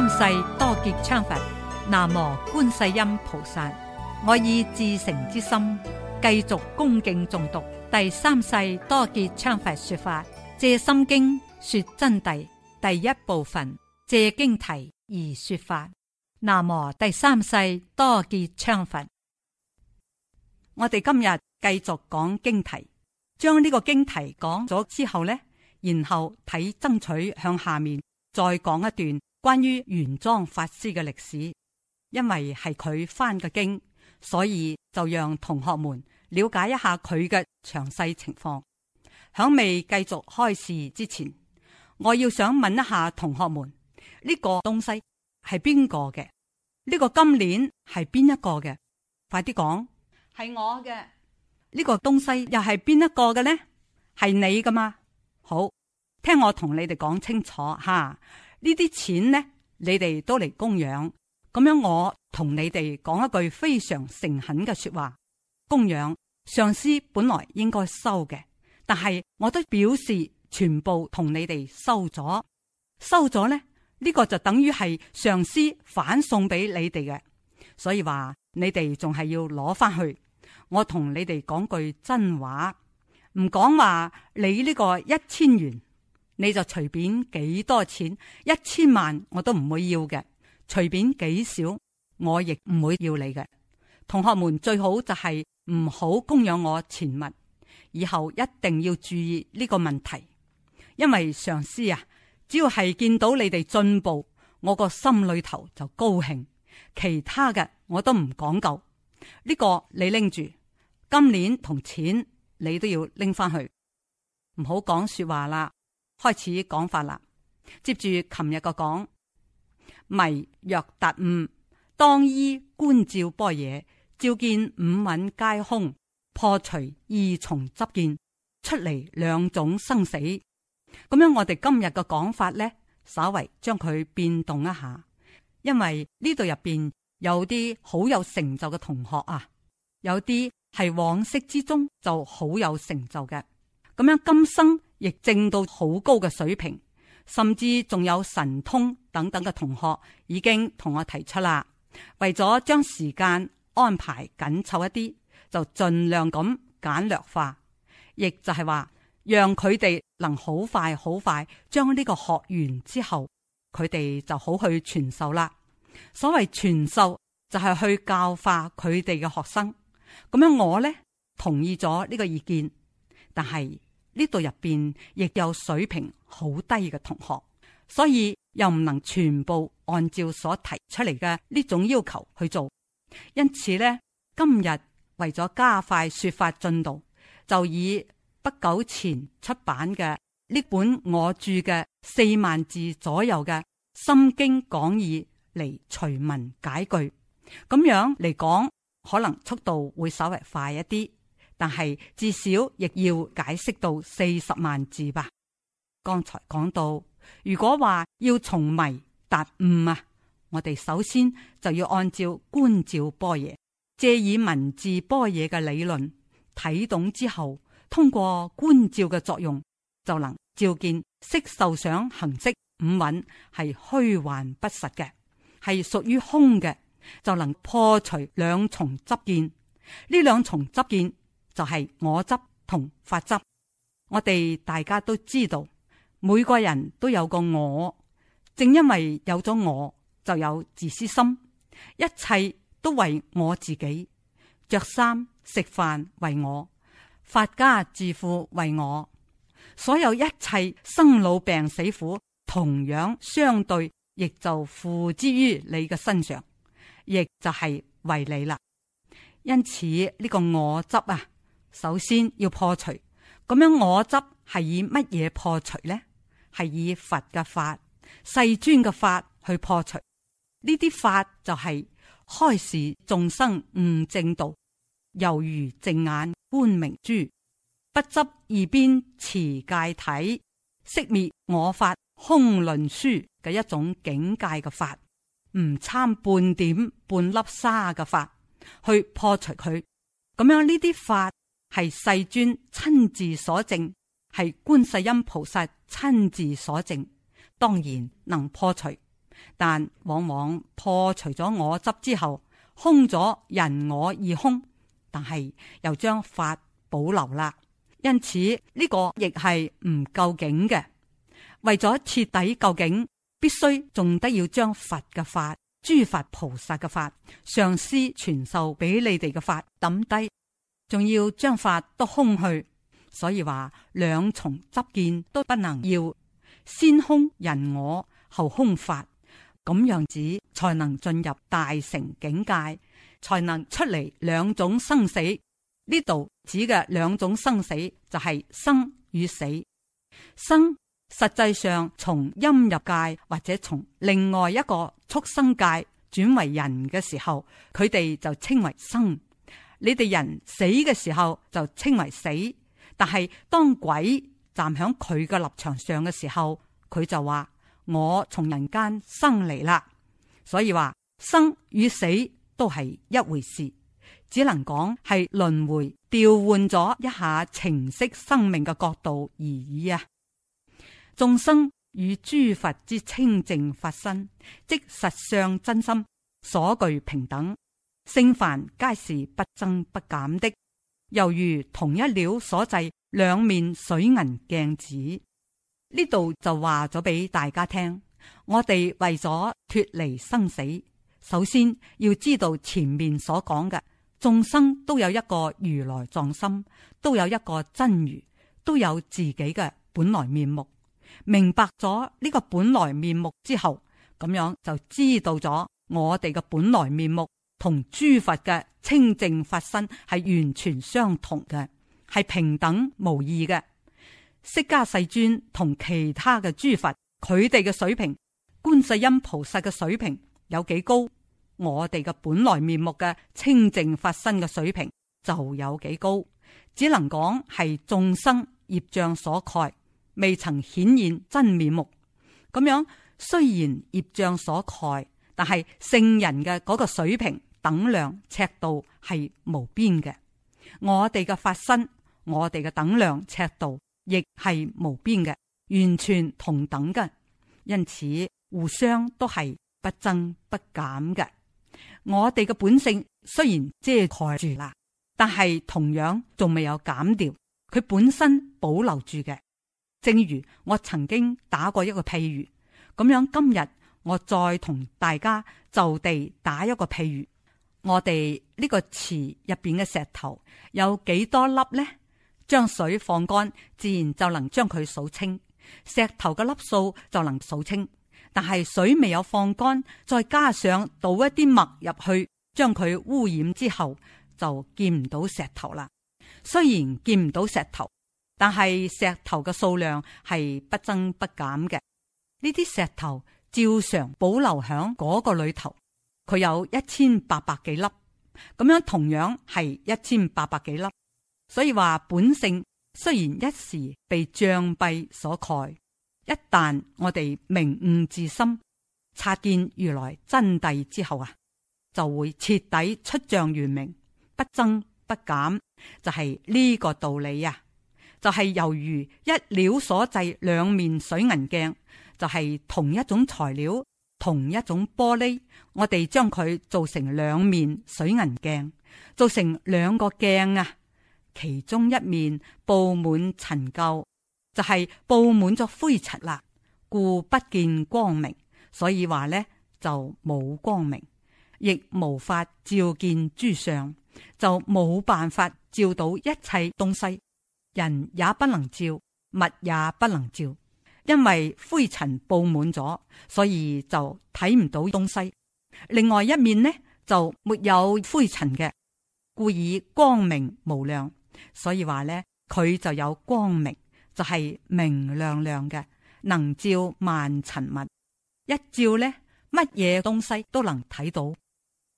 三世多杰羌佛，南無觀世音菩薩。我以至誠之心，繼續恭敬誦讀第三世多杰羌佛說法《藉心經》說真諦第一部分《藉經題》而說法。南無第三世多杰羌佛。我哋今日繼續講經題，將呢個經題講咗之後呢，然後睇爭取向下面再講一段。關於原裝法師嘅歷史，因為係佢翻嘅經，所以就讓同學們了解一下佢嘅詳細情況。響未繼續開示之前，我要想問一下同學們：呢個東西係邊個？嘅呢個金鏈係邊一個嘅？快啲講，係我嘅。呢個東西又係邊一個嘅呢？係你噶嘛？好，聽我同你哋講清楚吓。哈呢啲錢呢，你哋都嚟供養，咁樣我同你哋講一句非常誠懇嘅說話，供養上司本來應該收嘅，但係我都表示全部同你哋收咗，收咗呢，呢個就等於係上司反送俾你哋嘅，所以話你哋仲係要攞翻去。我同你哋講句真話，唔講話你呢個一千元。你就隨便幾多錢，一千萬我都唔會要嘅，隨便幾少我亦唔會要你嘅。同學們最好就係唔好供養我錢物，以後一定要注意呢個問題，因為上司啊，只要係見到你哋進步，我個心裏頭就高興，其他嘅我都唔講究。呢個你拎住，今年同錢你都要拎翻去，唔好講說話啦。開始講法啦，接住琴日個講，迷若達悟，當依觀照般若，照見五蘊皆空，破除二重執見，出嚟兩種生死。咁樣我哋今日嘅講法咧，稍為將佢變動一下，因為呢度入邊有啲好有成就嘅同學啊，有啲係往昔之中就好有成就嘅，咁樣今生。亦正到好高嘅水平，甚至仲有神通等等嘅同學已經同我提出啦。為咗將時間安排緊湊一啲，就盡量咁簡略化，亦就係話讓佢哋能好快好快將呢個學完之後，佢哋就好去傳授啦。所謂傳授就係去教化佢哋嘅學生。咁樣我呢同意咗呢個意見，但係。呢度入邊亦有水平好低嘅同學，所以又唔能全部按照所提出嚟嘅呢種要求去做。因此呢，今日為咗加快說法進度，就以不久前出版嘅呢本我著嘅四萬字左右嘅《心經講義》嚟隨文解句，咁樣嚟講，可能速度會稍微快一啲。但係至少亦要解釋到四十萬字吧。剛才講到，如果話要從迷達悟啊，我哋首先就要按照觀照般若，借以文字般若嘅理論睇懂之後，通過觀照嘅作用，就能照見色受想行識五蘊係虛幻不實嘅，係屬於空嘅，就能破除兩重執見。呢兩重執見，就係我執同法執，我哋大家都知道，每個人都有個我，正因為有咗我，就有自私心，一切都為我自己，着衫食飯為我，發家致富為我，所有一切生老病死苦，同樣相對亦就付之於你嘅身上，亦就係為你啦。因此呢個我執啊！首先要破除，咁樣我執係以乜嘢破除呢？係以佛嘅法、世尊嘅法去破除。呢啲法就係開示眾生悟正道，猶如正眼觀明珠，不執二邊持戒體，息滅我法空論書嘅一種境界嘅法，唔摻半點半粒沙嘅法去破除佢。咁樣呢啲法，係世尊親自所證，係觀世音菩薩親自所證，當然能破除，但往往破除咗我執之後，空咗人我二空，但係又將法保留啦，因此呢個亦係唔究竟嘅。為咗徹底究竟，必須仲得要將佛嘅法、諸佛菩薩嘅法、上師傳授俾你哋嘅法抌低。仲要將法都空去，所以話兩重執見都不能要，先空人我，後空法，咁樣子才能進入大成境界，才能出嚟兩種生死。呢度指嘅兩種生死就係生與死。生實際上從陰入界或者從另外一個畜生界轉為人嘅時候，佢哋就稱為生。你哋人死嘅時候就稱為死，但係當鬼站喺佢嘅立場上嘅時候，佢就話：我從人間生嚟啦，所以話生與死都係一回事，只能講係輪迴調換咗一下情識生命嘅角度而已啊！眾生與諸佛之清淨法身，即實相真心所具平等。聖凡皆是不增不減的，猶如同一料所製兩面水銀鏡子。呢度就話咗俾大家聽，我哋為咗脫離生死，首先要知道前面所講嘅眾生都有一個如來藏心，都有一個真如，都有自己嘅本來面目。明白咗呢個本來面目之後，咁樣就知道咗我哋嘅本來面目，同諸佛嘅清淨法身係完全相同嘅，係平等無異嘅。釋迦世尊同其他嘅諸佛，佢哋嘅水平，觀世音菩薩嘅水平有幾高，我哋嘅本來面目嘅清淨法身嘅水平就有幾高，只能講係眾生業障所蓋，未曾顯現真面目。咁樣雖然業障所蓋，但係聖人嘅嗰個水平。等量尺度係無邊嘅，我哋嘅法身，我哋嘅等量尺度亦係無邊嘅，完全同等嘅，因此互相都係不增不減嘅。我哋嘅本性雖然遮蓋住啦，但係同樣仲未有減掉，佢本身保留住嘅。正如我曾經打過一個譬喻，咁樣今日我再同大家就地打一個譬喻。我哋呢個池入邊嘅石頭有幾多粒呢？將水放乾，自然就能將佢數清。石頭嘅粒數就能數清。但係水未有放乾，再加上倒一啲墨入去，將佢污染之後，就見唔到石頭啦。雖然見唔到石頭，但係石頭嘅數量係不增不減嘅。呢啲石頭照常保留喺嗰個裏頭。佢有一千八百幾粒，咁樣同樣係一千八百幾粒，所以話本性雖然一時被障蔽所蓋，一旦我哋明悟自心，察見如來真諦之後啊，就會徹底出障圓明，不增不減，就係呢個道理啊！就係猶如一料所製兩面水銀鏡，就係同一種材料。同一種玻璃，我哋將佢做成兩面水銀鏡，做成兩個鏡啊，其中一面佈滿塵垢，就係佈滿咗灰塵啦，故不見光明。所以話呢，就冇光明，亦無法照見諸相，就冇辦法照到一切東西，人也不能照，物也不能照。因為灰塵布滿咗，所以就睇唔到東西。另外一面呢，就沒有灰塵嘅，故以光明無亮。所以話呢，佢就有光明，就係、是、明亮亮嘅，能照萬塵物。一照呢，乜嘢東西都能睇到，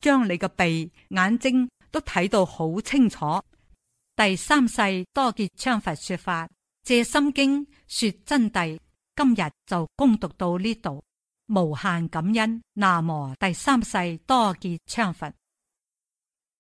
將你嘅鼻、眼睛都睇到好清楚。第三世多杰羌佛說法，借心經說真諦。今日就恭讀到呢度，無限感恩，南無第三世多杰羌佛。